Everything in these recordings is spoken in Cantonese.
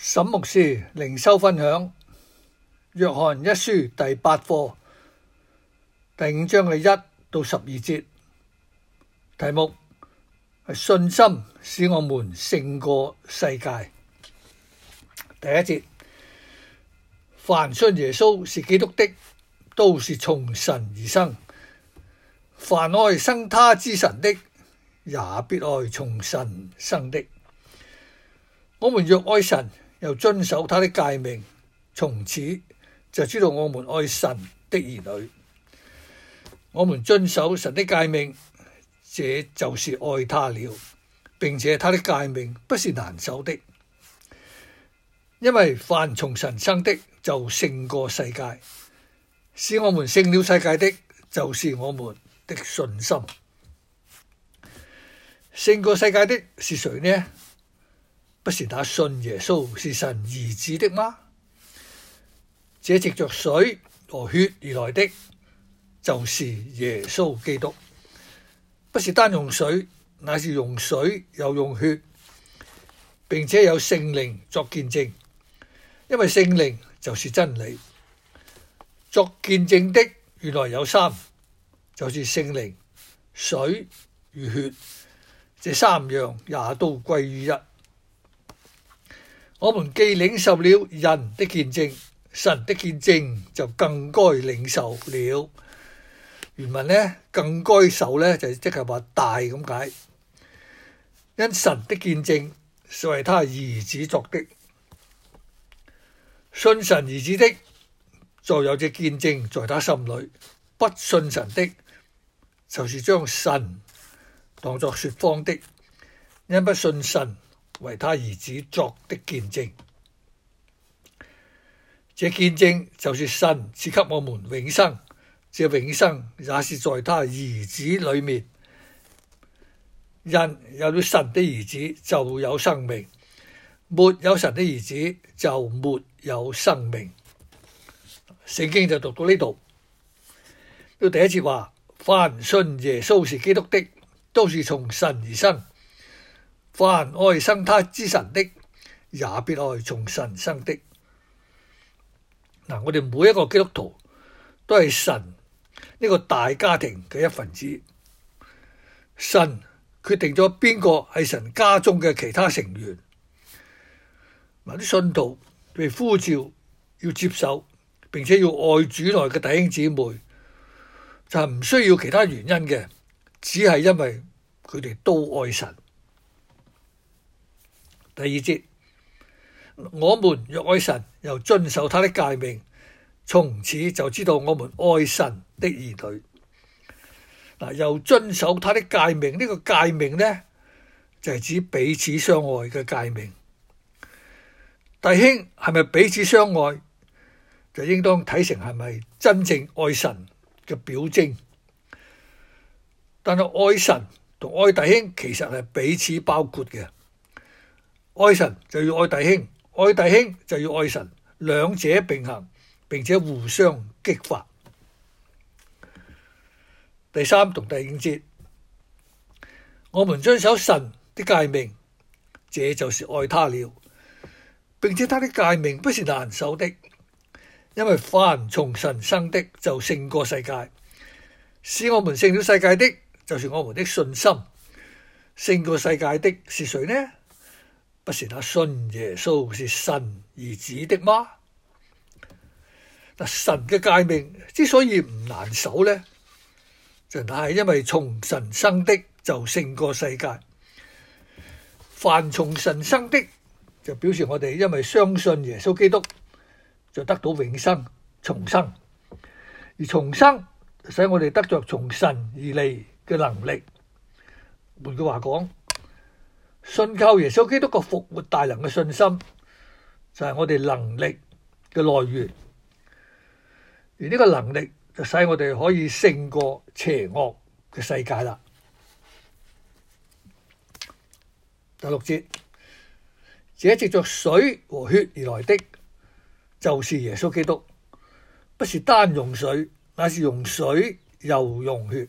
沈牧師靈修分享《約翰一書》第八課，第五章嘅一到十二節，題目係信心使我們勝過世界。第一節：凡信耶穌是基督的，都是從神而生；凡愛生他之神的，也必愛從神生的。我們若愛神，又遵守他的誡命，從此就知道我們愛神的兒女。我們遵守神的誡命，這就是愛他了，並且他的誡命不是難守的，因爲凡從神生的就勝過世界，使我們勝了世界的，就是我們的信心。勝過世界的是誰呢？不是那信耶穌是神兒子的嗎？這藉着水和血而來的就是耶穌基督，不是單用水，乃是用水又用血，並且有聖靈作見證，因為聖靈就是真理。作見證的原來有三，就是聖靈、水與血，這三樣也都歸於一。我們既領受了人的見證，神的見證就更該領受了。原文呢更該受呢，就即係話大咁解，因神的見證是為他兒子作的。信神兒子的就有這見證在他心裏，不信神的，就是將神當作說謊的。因不信神。為他兒子作的見證，這見證就是神賜給我們永生，這永生也是在他兒子裏面。人有了神的兒子就有生命，沒有神的兒子就沒有生命。聖經就讀到呢度，佢、這個、第一次話凡信耶穌是基督的，都是從神而生。凡愛生他之神的，也必愛從神生的。嗱、啊，我哋每一個基督徒都係神呢、這個大家庭嘅一份子。神決定咗邊個係神家中嘅其他成員。嗱，啲信徒被呼召要接受，並且要愛主內嘅弟兄姊妹，就係唔需要其他原因嘅，只係因為佢哋都愛神。第二節，我們若愛神，又遵守他的誡命，從此就知道我們愛神的兒女。嗱，又遵守他的誡命，呢個誡命呢，就係指彼此相愛嘅誡命。弟兄係咪彼此相愛，就應當睇成係咪真正愛神嘅表徵？但係愛神同愛弟兄其實係彼此包括嘅。愛神就要愛弟兄，愛弟兄就要愛神，兩者並行，並且互相激發。第三同第五節，我們遵守神的誡命，這就是愛他了，並且他的誡命不是難守的，因為凡從神生的就勝過世界，使我們勝了世界的，就是我們的信心。勝過世界的是誰呢？不是那信耶穌是神兒子的嗎？嗱，神嘅誡命之所以唔難守呢，就係因為從神生的就勝過世界。凡從神生的，就表示我哋因為相信耶穌基督，就得到永生重生。而重生使我哋得着從神而嚟嘅能力。換句話講，信靠耶穌基督個復活大能嘅信心，就係我哋能力嘅來源，而呢個能力就使我哋可以勝過邪惡嘅世界啦。第六節，這藉着水和血而來的，就是耶穌基督，不是單用水，乃是用水又用血。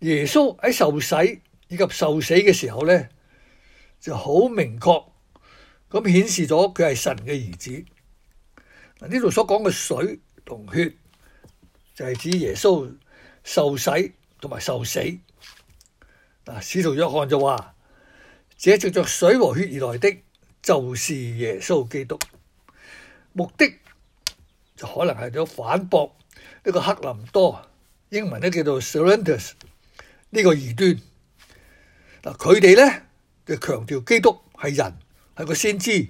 耶穌喺受洗。以及受死嘅時候咧，就好明確咁顯示咗佢係神嘅兒子。嗱，呢度所講嘅水同血就係、是、指耶穌受洗同埋受死。嗱，使徒約翰就話：藉着着水和血而來的就是耶穌基督。目的就可能係咗反駁呢個克林多英文咧叫做 Cerinthus 呢個異端。嗱，佢哋呢就強調基督係人，係個先知，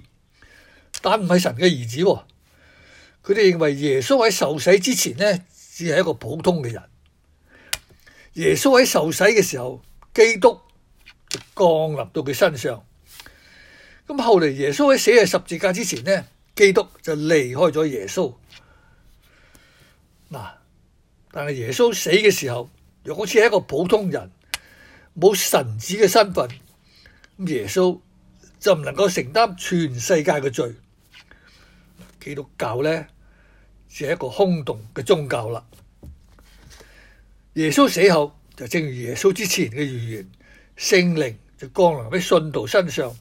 但唔係神嘅兒子，哦。佢哋認為耶穌喺受洗之前呢，只係一個普通嘅人。耶穌喺受洗嘅時候，基督就降臨到佢身上。咁後嚟耶穌喺死喺十字架之前呢，基督就離開咗耶穌。嗱，但係耶穌死嘅時候，又好似係一個普通人。冇神子嘅身份，耶穌就唔能夠承擔全世界嘅罪。基督教呢，就係一個空洞嘅宗教啦。耶穌死後就正如耶穌之前嘅預言，聖靈就降臨喺信徒身上，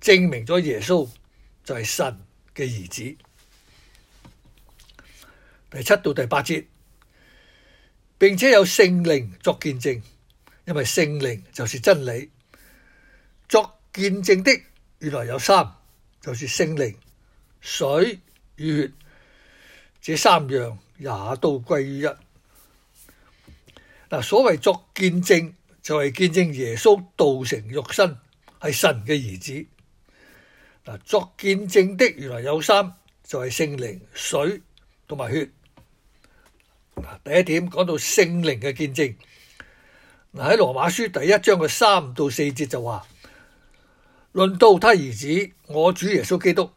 證明咗耶穌就係神嘅兒子。第七到第八節，並且有聖靈作見證。因為聖靈就是真理，作見證的原來有三，就是聖靈、水與血，這三樣也都歸於一。嗱，所謂作見證就係見證耶穌道成肉身，係神嘅兒子。嗱，作見證的原來有三，就係聖靈、水同埋血。嗱，第一點講到聖靈嘅見證。喺羅馬書第一章嘅三到四節就話論到他兒子，我主耶穌基督，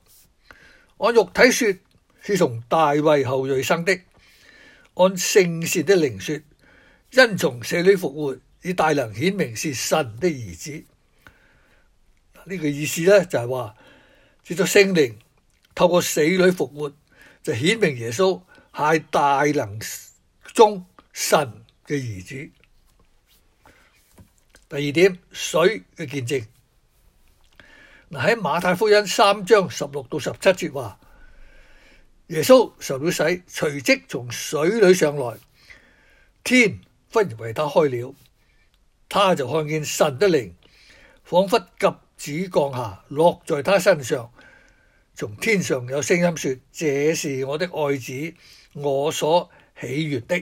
按肉體說是從大衛後裔生的，按聖善的靈說，因從死裡復活，以大能顯明是神的兒子。呢個意思呢，就係話借助聖靈透過死裡復活，就顯明耶穌係大能中神嘅兒子。第二點，水嘅見證。嗱喺馬太福音三章十六到十七節話，耶穌受了洗，隨即從水裏上來，天忽然為他開了，他就看見神的靈仿佛鴿子降下，落在他身上，從天上有聲音說：這是我的愛子，我所喜悦的。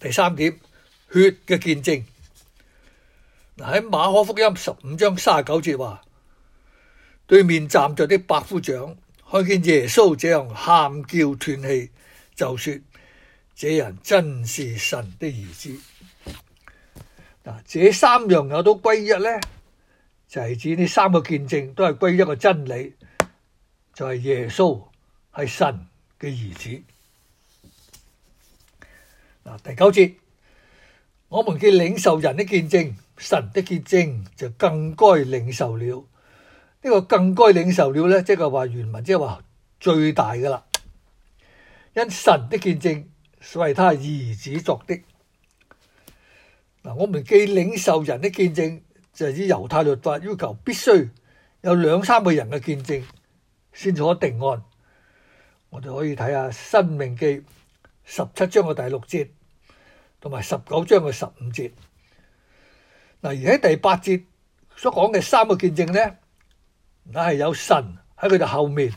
第三點。血嘅見證嗱，喺馬可福音十五章三十九節話：對面站着的百夫長看見耶穌這樣喊叫斷氣，就說：這人真是神的兒子。嗱，這三樣有都歸一呢，就係指呢三個見證都係歸一個真理，就係耶穌係神嘅兒子。嗱，第九節。我們既領受人的見證，神的見證就更該領受了。呢個更該領受了呢即係話原文即係話最大噶啦。因神的見證是為他兒子作的。嗱，我們既領受人的見證，就係指猶太律法要求必須有兩三個人嘅見證先可定案。我哋可以睇下申命記十七章嘅第六節。同埋十九章嘅十五節，嗱，而喺第八節所講嘅三個見證呢，那係有神喺佢哋後面，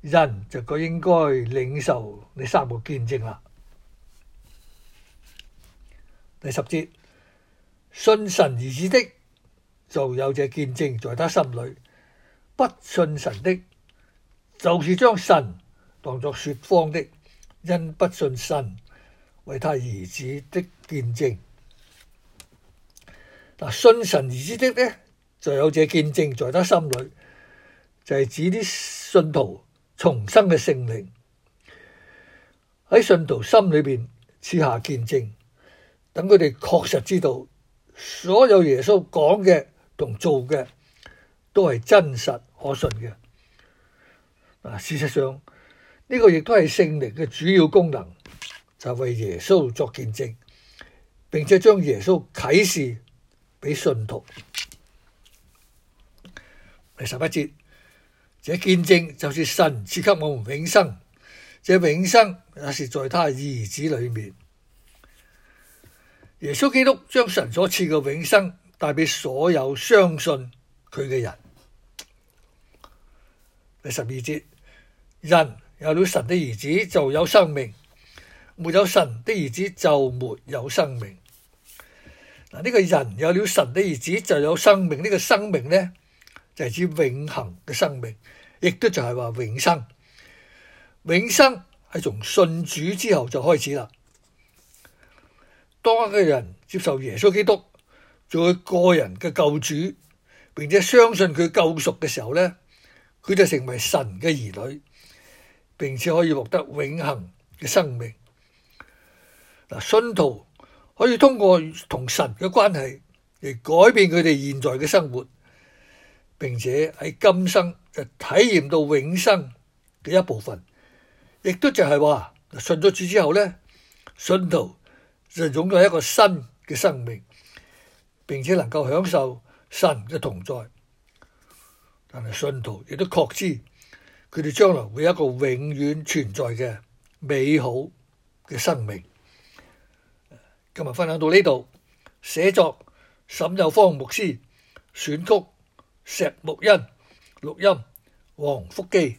人就佢應該領受呢三個見證啦。第十節，信神兒子的就有這見證在他心裏，不信神的，就是將神當作說謊的，因不信神。為他兒子的見證，嗱，信神兒子的呢，就有這見證在他心裏，就係、是、指啲信徒重生嘅聖靈喺信徒心裏邊賜下見證，等佢哋確實知道所有耶穌講嘅同做嘅都係真實可信嘅。嗱，事實上呢、這個亦都係聖靈嘅主要功能。就為耶穌作見證，並且將耶穌啟示俾信徒。第十一節，這見證就是神賜給我們永生，這永生也是在他兒子裏面。耶穌基督將神所賜嘅永生帶俾所有相信佢嘅人。第十二節，人有了神的兒子就有生命。沒有神的兒子就沒有生命。嗱，呢個人有了神的兒子就有生命。呢個生命呢，就係指永恒嘅生命，亦都就係話永生。永生係從信主之後就開始啦。當一個人接受耶穌基督做佢個人嘅救主，並且相信佢救贖嘅時候呢，佢就成為神嘅兒女，並且可以獲得永恒嘅生命。嗱，信徒可以通過同神嘅關係嚟改變佢哋現在嘅生活，並且喺今生就體驗到永生嘅一部分。亦都就係話信咗主之後咧，信徒就擁有一個新嘅生命，並且能夠享受神嘅同在。但係信徒亦都確知佢哋將來會有一個永遠存在嘅美好嘅生命。今日分享到呢度。寫作沈幼芳牧師，選曲石木恩，錄音黃福記。